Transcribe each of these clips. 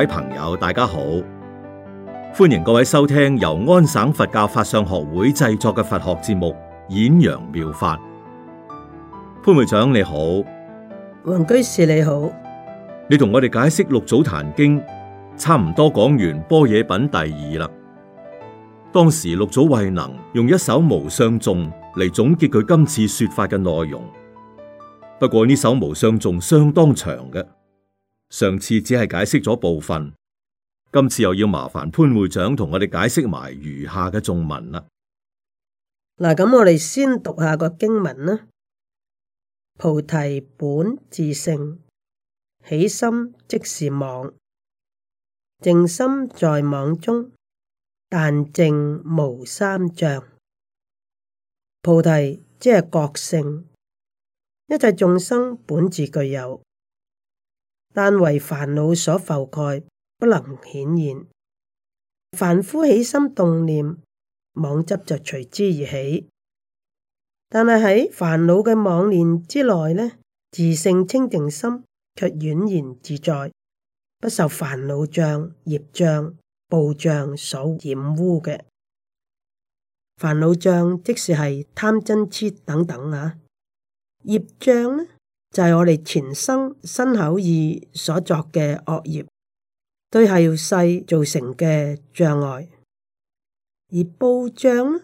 各位朋友，大家好，歡迎各位收聽由安省佛教法相學會製作嘅佛學節目《演揚妙，妙法》。潘會長你好，黃居士你好，你同我哋解釋六祖壇經差唔多講完般若品第二啦。當時六祖慧能用一首無相頌嚟總結佢今次說法嘅內容，不過呢首無相頌相當長嘅。上次只係解釋咗部分，今次又要麻煩潘會長同我哋解釋埋餘下嘅眾文啦。嗱，咁我哋先讀下個經文啦。菩提本自性，起心即是妄，淨心在妄中，但正無三障。菩提即係覺性，一切眾生本自具有。但為煩惱所覆蓋，不能顯現。凡夫起心動念，妄執就隨之而起。但係喺煩惱嘅妄念之內呢，自性清淨心卻宛然自在，不受煩惱障、業障、報障、報障所染污嘅。煩惱障，即使係貪、嗔、痴等等啊，業障呢？就係我哋前生身口意所作嘅惡業，對後世造成嘅障礙，而報障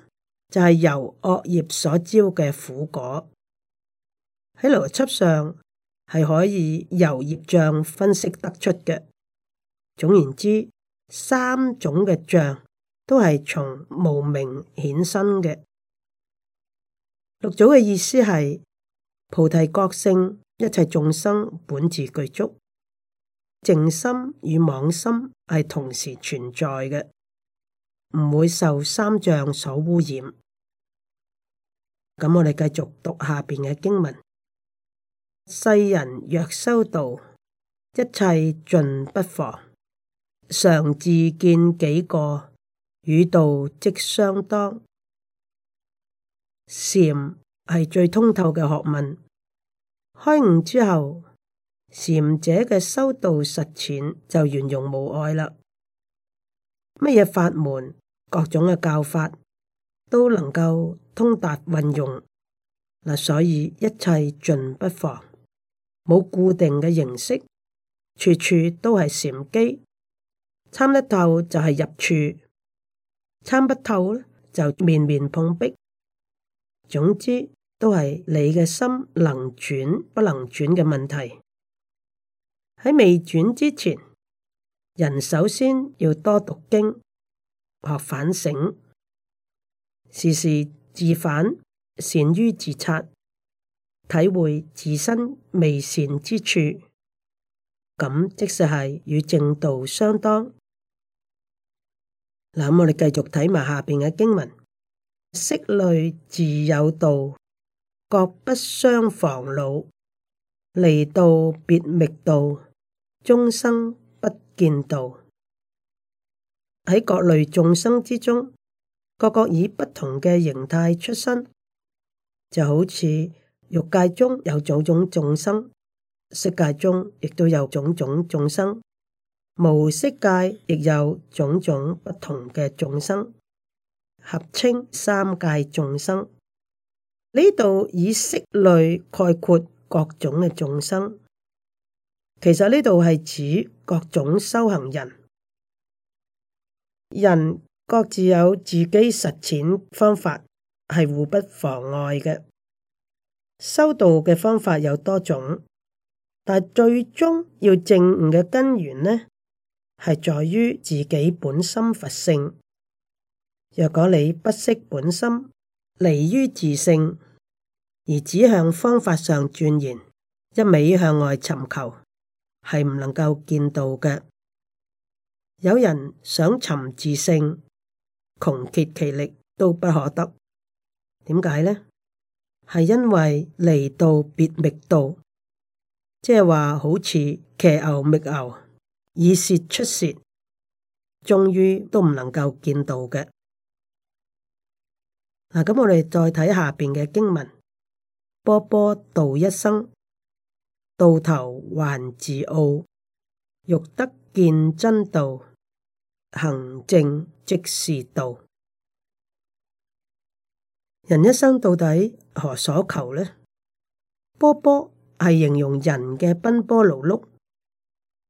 就係、是、由惡業所招嘅苦果，喺邏輯上係可以由業障分析得出嘅。總言之，三種嘅障都係從無明衍生嘅，六祖嘅意思係。菩提覺性，一切眾生本自具足，淨心與妄心係同時存在嘅，唔會受三障所污染。咁我哋繼續讀下邊嘅經文：世人若修道，一切盡不妨。常自見己過，與道即相當。禪。係最通透嘅學問，開悟之後，禪者嘅修道實踐就圓融無礙啦。乜嘢法門、各種嘅教法都能夠通達運用嗱，所以一切盡不妨，冇固定嘅形式，處處都係禪機。參得透就係入處，參不透咧就面面碰壁。總之，都係你嘅心能轉不能轉嘅問題。喺未轉之前，人首先要多讀經、學反省，時時自反，善於自察，體會自身未善之處。咁即使係與正道相當。嗱，咁我哋繼續睇埋下邊嘅經文，色類自有道。各不相妨老，老離道別，覓道終生不見道。喺各類眾生之中，各個以不同嘅形態出身，就好似欲界中有種種眾生，色界中亦都有種種眾生，無色界亦有種種不同嘅眾生，合稱三界眾生。呢度以色類概括各種嘅眾生，其實呢度係指各種修行人，人各自有自己實踐方法，係互不妨礙嘅。修道嘅方法有多種，但最終要證悟嘅根源呢，係在於自己本心佛性。若果你不識本心，離於自性。而只向方法上鑽研，一味向外尋求，係唔能夠見到嘅。有人想尋自性，窮竭其力都不可得。點解呢？係因為離道別覓道，即係話好似騎牛覓牛，以舌出舌，終於都唔能夠見到嘅。嗱，咁我哋再睇下邊嘅經文。波波道一生，到頭還自傲。欲得見真道，行正即是道。人一生到底何所求呢？波波係形容人嘅奔波勞碌。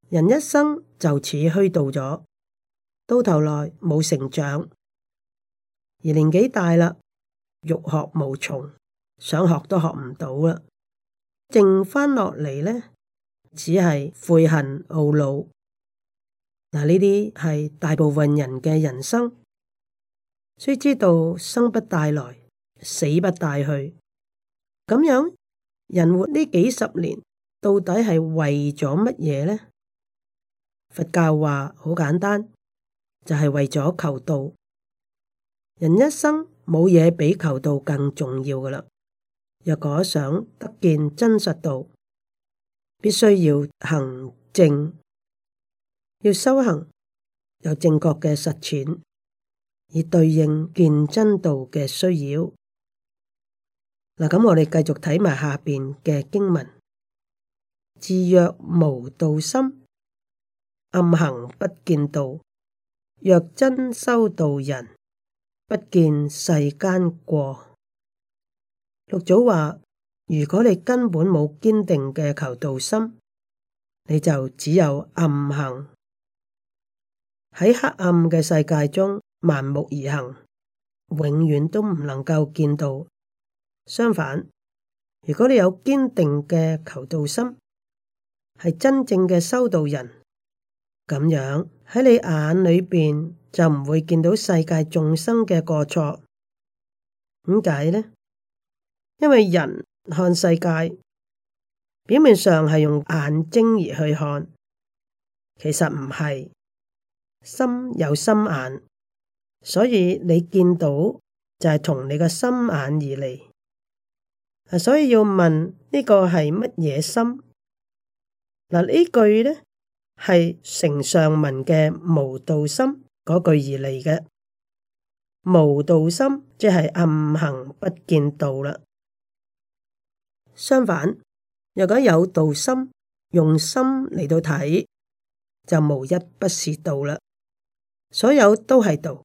人一生就此虛度咗，到頭來冇成長，而年紀大啦，欲學無從。想學都學唔到啦，剩翻落嚟，呢，只係悔恨懊惱。嗱，呢啲係大部分人嘅人生。雖知道生不帶來，死不帶去，咁樣人活呢幾十年，到底係為咗乜嘢呢？佛教話好簡單，就係為咗求道。人一生冇嘢比求道更重要㗎啦。若果想得見真實道，必須要行正，要修行，有正確嘅實踐，以對應見真道嘅需要。嗱，咁我哋繼續睇埋下邊嘅經文：自若無道心，暗行不見道；若真修道人，不見世間過。六祖話：如果你根本冇堅定嘅求道心，你就只有暗行。喺黑暗嘅世界中盲目而行，永遠都唔能夠見到。相反，如果你有堅定嘅求道心，係真正嘅修道人，咁樣喺你眼裏邊就唔會見到世界眾生嘅過錯。點解呢？因為人看世界，表面上係用眼睛而去看，其實唔係，心有心眼，所以你見到就係從你個心眼而嚟。啊，所以要問呢個係乜嘢心？嗱，呢句咧係成上文嘅無道心嗰句而嚟嘅，無道心即係暗行不見道啦。相反，若果有道心，用心嚟到睇，就無一不是道啦。所有都係道。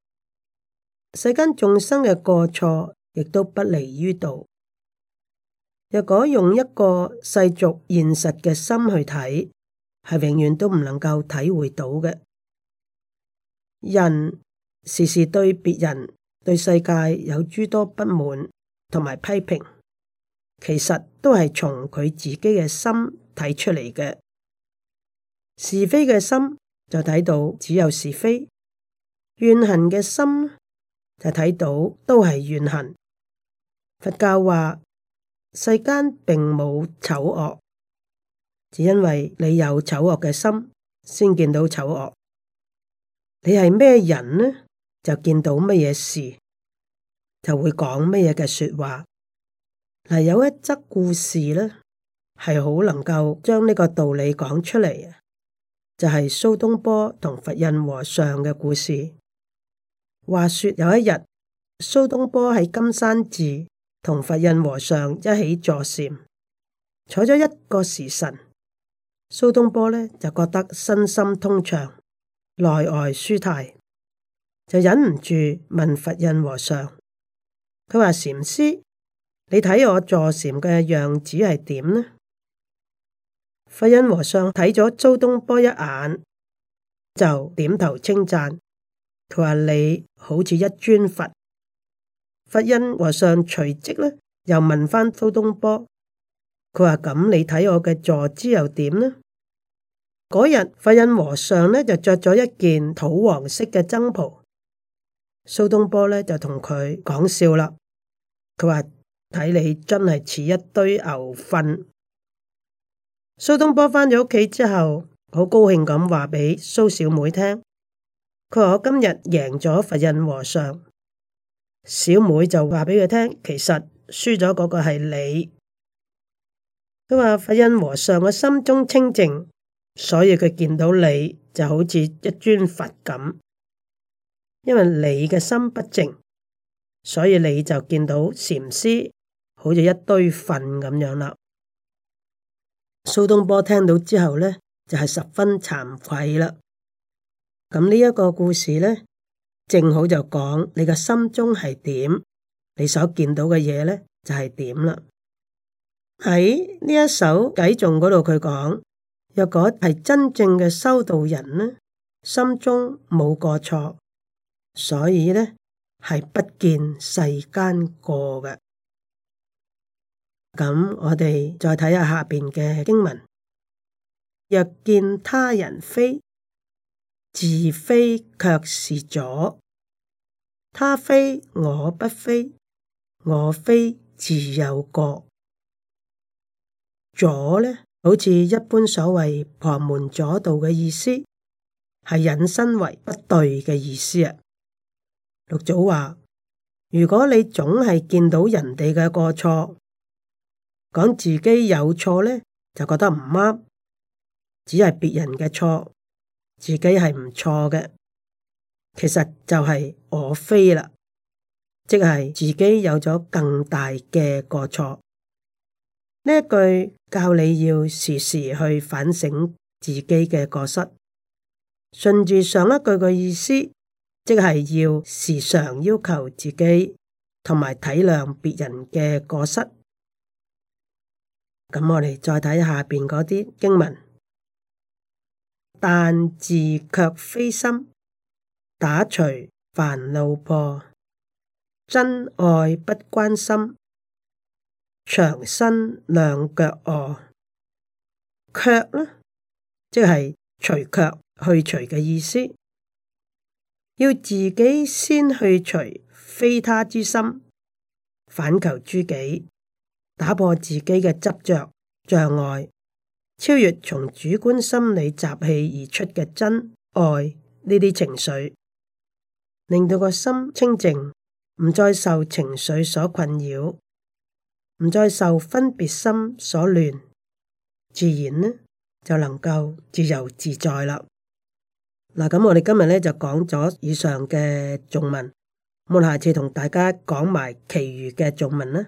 世間眾生嘅過錯，亦都不離於道。若果用一個世俗現實嘅心去睇，係永遠都唔能夠體會到嘅。人時時對別人、對世界有諸多不滿同埋批評。其實都係從佢自己嘅心睇出嚟嘅。是非嘅心就睇到只有是非，怨恨嘅心就睇到都係怨恨。佛教話世間並冇醜惡，只因為你有醜惡嘅心，先見到醜惡。你係咩人呢？就見到乜嘢事，就會講乜嘢嘅說話。嗱，有一則故事呢，係好能夠將呢個道理講出嚟，就係蘇東坡同佛印和尚嘅故事。話說有一日，蘇東坡喺金山寺同佛印和尚一起坐禪，坐咗一個時辰，蘇東坡呢就覺得身心通暢，內外舒泰，就忍唔住問佛印和尚，佢話禪師。你睇我坐禪嘅樣子係點呢？佛印和尚睇咗蘇東坡一眼，就點頭稱讚。佢話你好似一尊佛。佛印和尚隨即呢又問翻蘇東坡，佢話咁你睇我嘅坐姿又點呢？嗰日佛印和尚呢就着咗一件土黃色嘅僧袍，蘇東坡呢就同佢講笑啦。佢話。睇你真係似一堆牛糞。蘇東坡返咗屋企之後，好高興咁話俾蘇小妹聽，佢話我今日贏咗佛印和尚。小妹就話俾佢聽，其實輸咗嗰個係你。佢話佛印和尚我心中清淨，所以佢見到你就好似一尊佛咁。因為你嘅心不淨，所以你就見到禪師，好似一堆糞咁樣啦。蘇東坡聽到之後呢，就係十分慚愧啦。咁呢一個故事呢，正好就講你嘅心中係點，你所見到嘅嘢呢，就係點啦。喺呢一首偈頌嗰度，佢講若果係真正嘅修道人呢，心中冇過錯，所以呢，係不見世間過嘅。咁我哋再睇下下邊嘅經文：若見他人非，自非卻是左；他非我不非，我非自有過。左呢，好似一般所謂旁門左道嘅意思，係引申為不對嘅意思啊。六祖話：如果你總係見到人哋嘅過錯，講自己有錯呢，就覺得唔啱，只係別人嘅錯，自己係唔錯嘅。其實就係我非啦，即係自己有咗更大嘅過錯。呢一句教你要時時去反省自己嘅過失。順住上一句嘅意思，即係要時常要求自己，同埋體諒別人嘅過失。咁我哋再睇下邊嗰啲經文，但自卻非心，打除煩惱破，真愛不關心，長身兩腳哦、呃，卻呢，即係除卻去除嘅意思，要自己先去除非他之心，反求諸己。打破自己嘅執着障礙，超越從主觀心理習氣而出嘅真愛呢啲情緒，令到個心清淨，唔再受情緒所困擾，唔再受分別心所亂，自然呢就能夠自由自在啦。嗱，咁我哋今日呢就講咗以上嘅眾文，我下次同大家講埋其餘嘅眾文啦。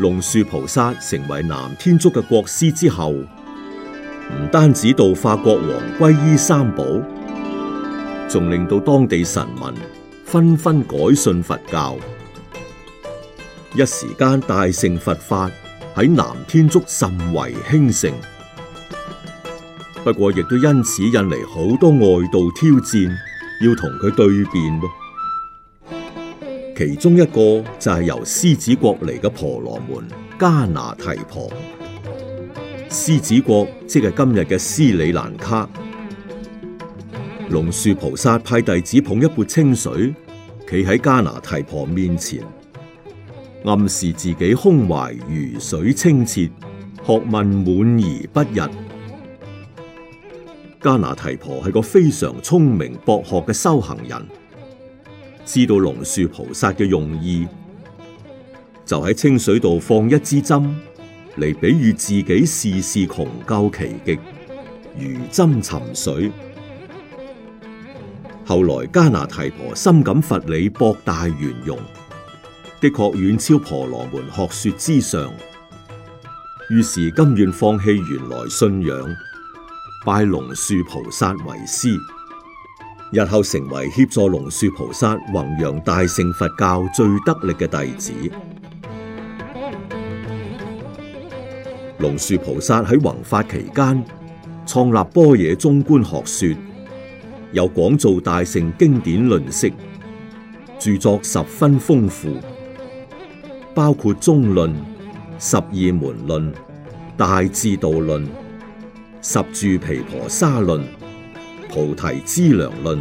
龍樹菩薩成為南天竺嘅國師之後，唔單止度化國王皈依三寶，仲令到當地臣民紛紛改信佛教，一時間大乘佛法喺南天竺甚為興盛。不過，亦都因此引嚟好多外道挑戰，要同佢對辯咯。其中一個就係由獅子國嚟嘅婆羅門迦拿提婆，獅子國即係今日嘅斯里蘭卡。龍樹菩薩派弟子捧一杯清水，企喺迦拿提婆面前，暗示自己胸懷如水清澈，學問滿而不溢。迦拿提婆係個非常聰明博學嘅修行人。知道龍樹菩薩嘅用意，就喺清水度放一支針嚟比喻自己事事窮究其極，如針沉水。後來迦拿提婆深感佛理博大圓融，的確遠超婆羅門學說之上，於是甘願放棄原來信仰，拜龍樹菩薩為師。日後成為協助龍樹菩薩弘揚大乘佛教最得力嘅弟子。龍樹菩薩喺弘法期間，創立般若中觀學說，有廣造大乘經典論釋，著作十分豐富，包括《中論》、《十二門論》、《大智度論》、《十住毗婆沙論》。《菩提資糧論》、《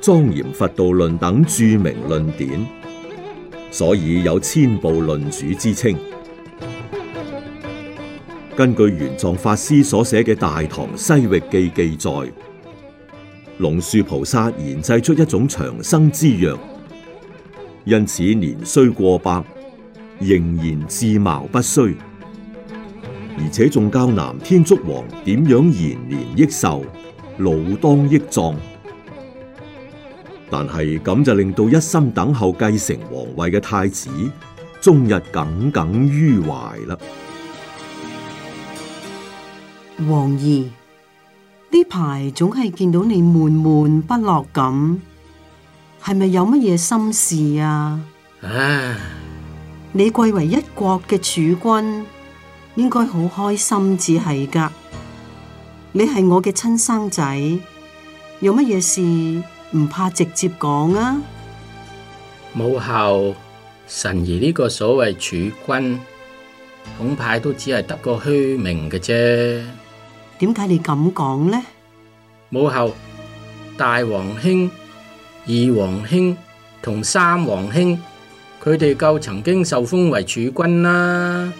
莊嚴佛道論》等著名論典，所以有千部論主之稱。根據玄奘法師所寫嘅《大唐西域記，記載》記載，龍樹菩薩研製出一種長生之藥，因此年雖過百，仍然姿貌不衰，而且仲教南天竺王點樣延年益壽。老當益壯，但係咁就令到一心等候繼承皇位嘅太子終日耿耿於懷啦。皇兒，呢排總係見到你悶悶不樂咁，係咪有乜嘢心事啊？唉、啊，你貴為一國嘅儲君，應該好開心至係噶。你係我嘅親生仔，有乜嘢事唔怕直接講？啊？母后，神兒呢個所謂儲君，恐怕都只係得個虛名嘅啫。點解你咁講呢？母后，大王兄、二王兄同三王兄，佢哋夠曾經受封為儲君啦，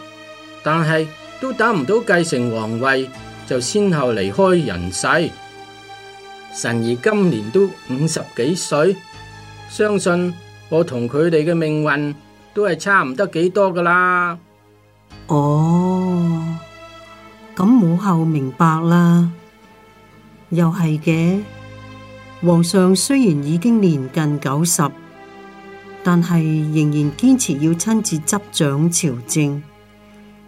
但係都打唔到繼承皇位，就先後離開人世，臣兒今年都五十幾歲，相信我同佢哋嘅命運都係差唔多幾多噶啦。哦，咁母后明白啦。又係嘅，皇上雖然已經年近九十，但係仍然堅持要親自執掌朝政，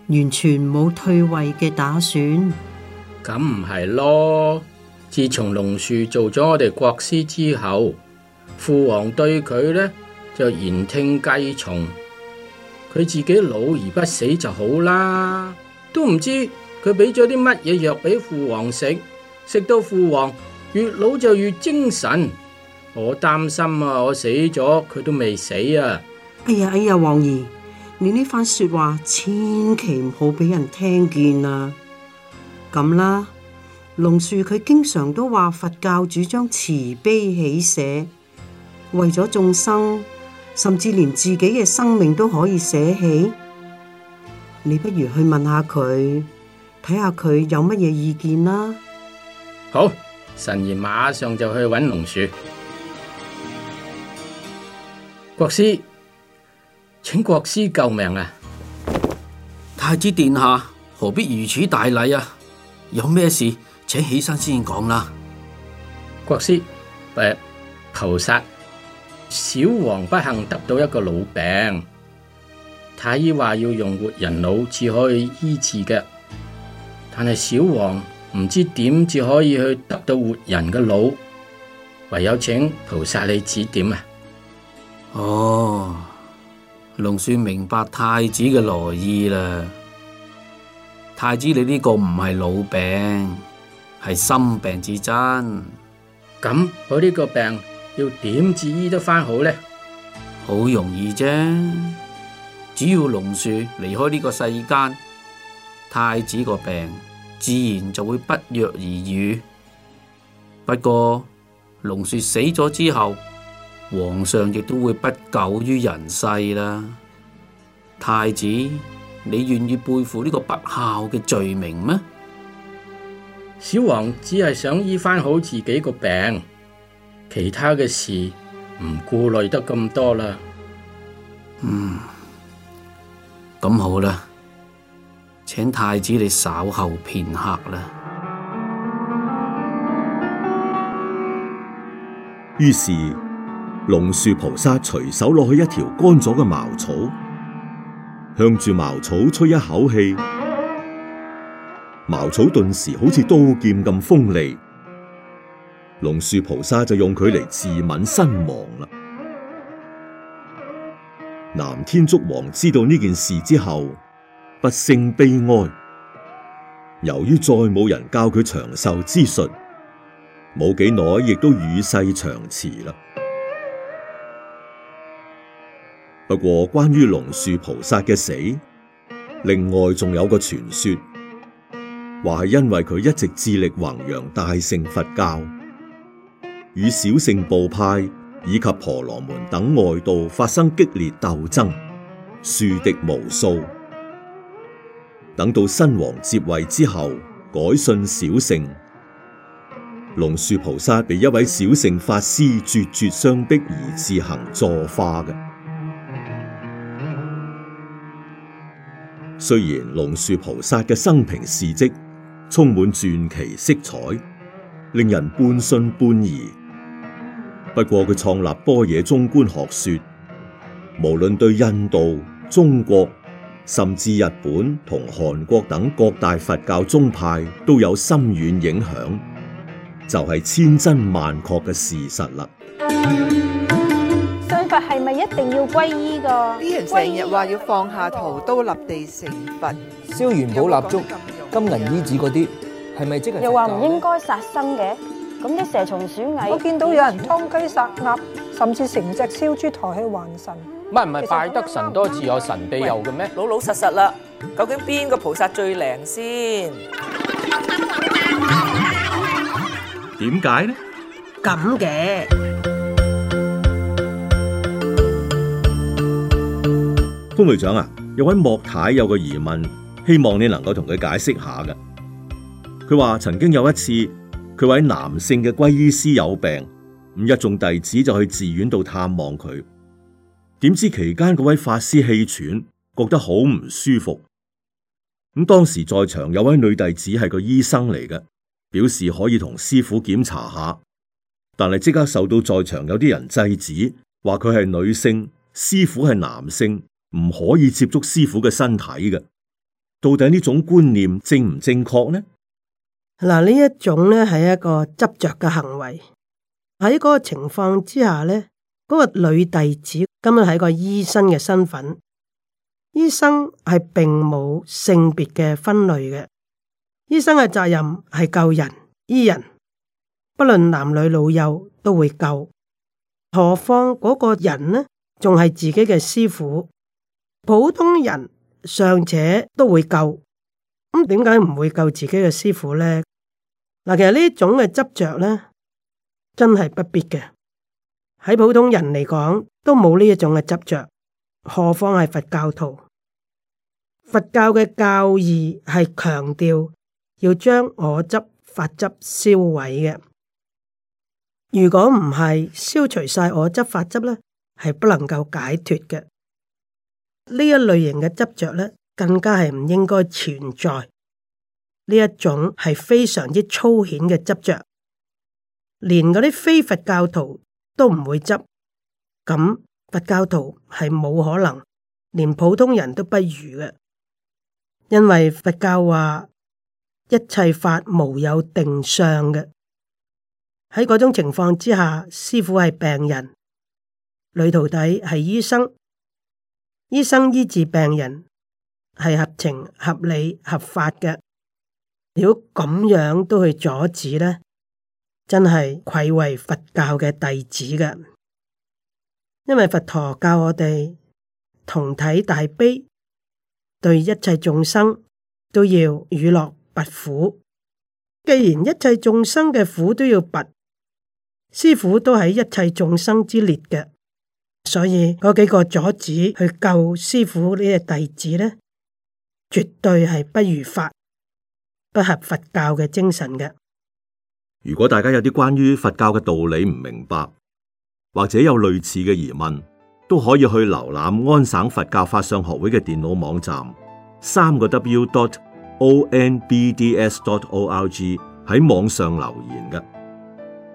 完全冇退位嘅打算。咁唔係咯，自從龍樹做咗我哋國師之後，父王對佢呢就言聽計從，佢自己老而不死就好啦。都唔知佢俾咗啲乜嘢藥俾父王食，食到父王越老就越精神。我擔心啊，我死咗佢都未死啊！哎呀哎呀，王兒，你呢番說話千祈唔好俾人聽見啊！咁啦，龍樹佢經常都話佛教主張慈悲喜捨，為咗眾生，甚至連自己嘅生命都可以捨棄。你不如去問下佢，睇下佢有乜嘢意見啦。好，神兒馬上就去搵龍樹。國師，請國師救命啊！太子殿下何必如此大禮啊！有咩事，請起身先講啦，國師，誒、呃，菩薩，小王不幸得到一個腦病，太醫話要用活人腦至可以醫治嘅，但係小王唔知點至可以去得到活人嘅腦，唯有請菩薩你指點啊！哦，龍算明白太子嘅來意啦。太子，你呢個唔係老病，係心病至真。咁我呢個病要點治醫得翻好呢？好容易啫，只要龍樹離開呢個世間，太子個病自然就會不藥而愈。不過龍樹死咗之後，皇上亦都會不久於人世啦，太子。你願意背負呢個不孝嘅罪名咩？小王只係想醫翻好自己個病，其他嘅事唔顧慮得咁多啦。嗯，咁好啦，請太子你稍后片刻啦。於是龍樹菩薩隨手攞起一條乾咗嘅茅草。向住茅草吹一口氣，茅草頓時好似刀劍咁鋒利。龍樹菩薩就用佢嚟自刎身亡啦。南天竺王知道呢件事之後，不勝悲哀。由於再冇人教佢長壽之術，冇幾耐亦都與世長辭啦。不過關於龍樹菩薩嘅死，另外仲有個傳說，話係因為佢一直致力弘揚大乘佛教，與小乘部派以及婆羅門等外道發生激烈鬥爭，樹敵無數。等到新王接位之後，改信小乘，龍樹菩薩被一位小乘法師咄咄相逼而自行坐化嘅。雖然龍樹菩薩嘅生平事蹟充滿傳奇色彩，令人半信半疑。不過佢創立般若中觀學說，無論對印度、中國，甚至日本同韓國等各大佛教宗派都有深遠影響，就係、是、千真萬確嘅事實啦。係咪一定要皈依噶？成日話要放下屠刀立地成佛，燒元寶蠟燭、金銀衣紙嗰啲，係咪即係？又話唔應該殺生嘅，咁啲蛇蟲鼠蟻，我見到有人劏雞殺鴨，甚至成隻燒豬抬去還神。唔係唔係，拜得神多自有神庇佑嘅咩？老老實實啦，究竟邊個菩薩最靈先？點解呢？咁嘅。潘秘書長啊，有位莫太太有個疑問，希望你能夠同佢解釋下嘅。佢話曾經有一次，佢位男性嘅龜醫師有病，咁一眾弟子就去寺院度探望佢。點知期間嗰位法師氣喘，覺得好唔舒服。咁當時在場有位女弟子係個醫生嚟嘅，表示可以同師傅檢查下，但係即刻受到在場有啲人制止，話佢係女性，師傅係男性。唔可以接觸師傅嘅身體嘅，到底呢種觀念正唔正確呢？嗱，呢一種咧係一個執着嘅行為。喺嗰個情況之下咧，嗰個女弟子今日係個醫生嘅身份，醫生係並冇性別嘅分類嘅。醫生嘅責任係救人醫人，不論男女老幼都會救。何況嗰個人呢，仲係自己嘅師傅。普通人尚且都會救，咁點解唔會救自己嘅師父呢？嗱，其實呢一種嘅執着呢，真係不必嘅。喺普通人嚟講，都冇呢一種嘅執着，何況係佛教徒？佛教嘅教義係強調要將我執、法執銷毀嘅。如果唔係，消除晒我執、法執呢，係不能夠解脫嘅。呢一類型嘅執着咧，更加係唔應該存在。呢一種係非常之粗淺嘅執着，連嗰啲非佛教徒都唔會執，咁佛教徒係冇可能連普通人都不如嘅，因為佛教話一切法無有定相嘅。喺嗰種情況之下，師父係病人，女徒弟係醫生。醫生醫治病人係合情合理合法嘅，如果咁樣都去阻止呢，真係愧為佛教嘅弟子嘅。因為佛陀教我哋同體大悲，對一切眾生都要與樂拔苦。既然一切眾生嘅苦都要拔，師父都喺一切眾生之列嘅。所以嗰幾個阻止去救師父呢個弟子咧，絕對係不如法，不合佛教嘅精神嘅。如果大家有啲關於佛教嘅道理唔明白，或者有類似嘅疑問，都可以去瀏覽安省佛教法相學會嘅電腦網站，嗯、三個 w dot o n b d s dot o l g 喺網上留言嘅。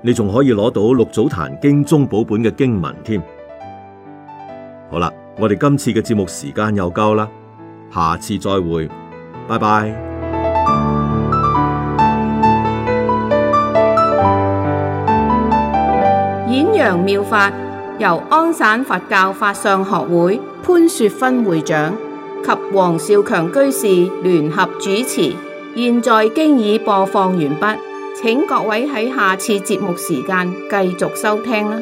你仲可以攞到六祖壇經中寶本嘅經文添。好啦，我哋今次嘅節目時間又夠啦，下次再會，拜拜。演揚妙法由安省佛教法相學會潘雪芬會長及黃少強居士聯合主持，現在經已播放完畢，請各位喺下次節目時間繼續收聽啦。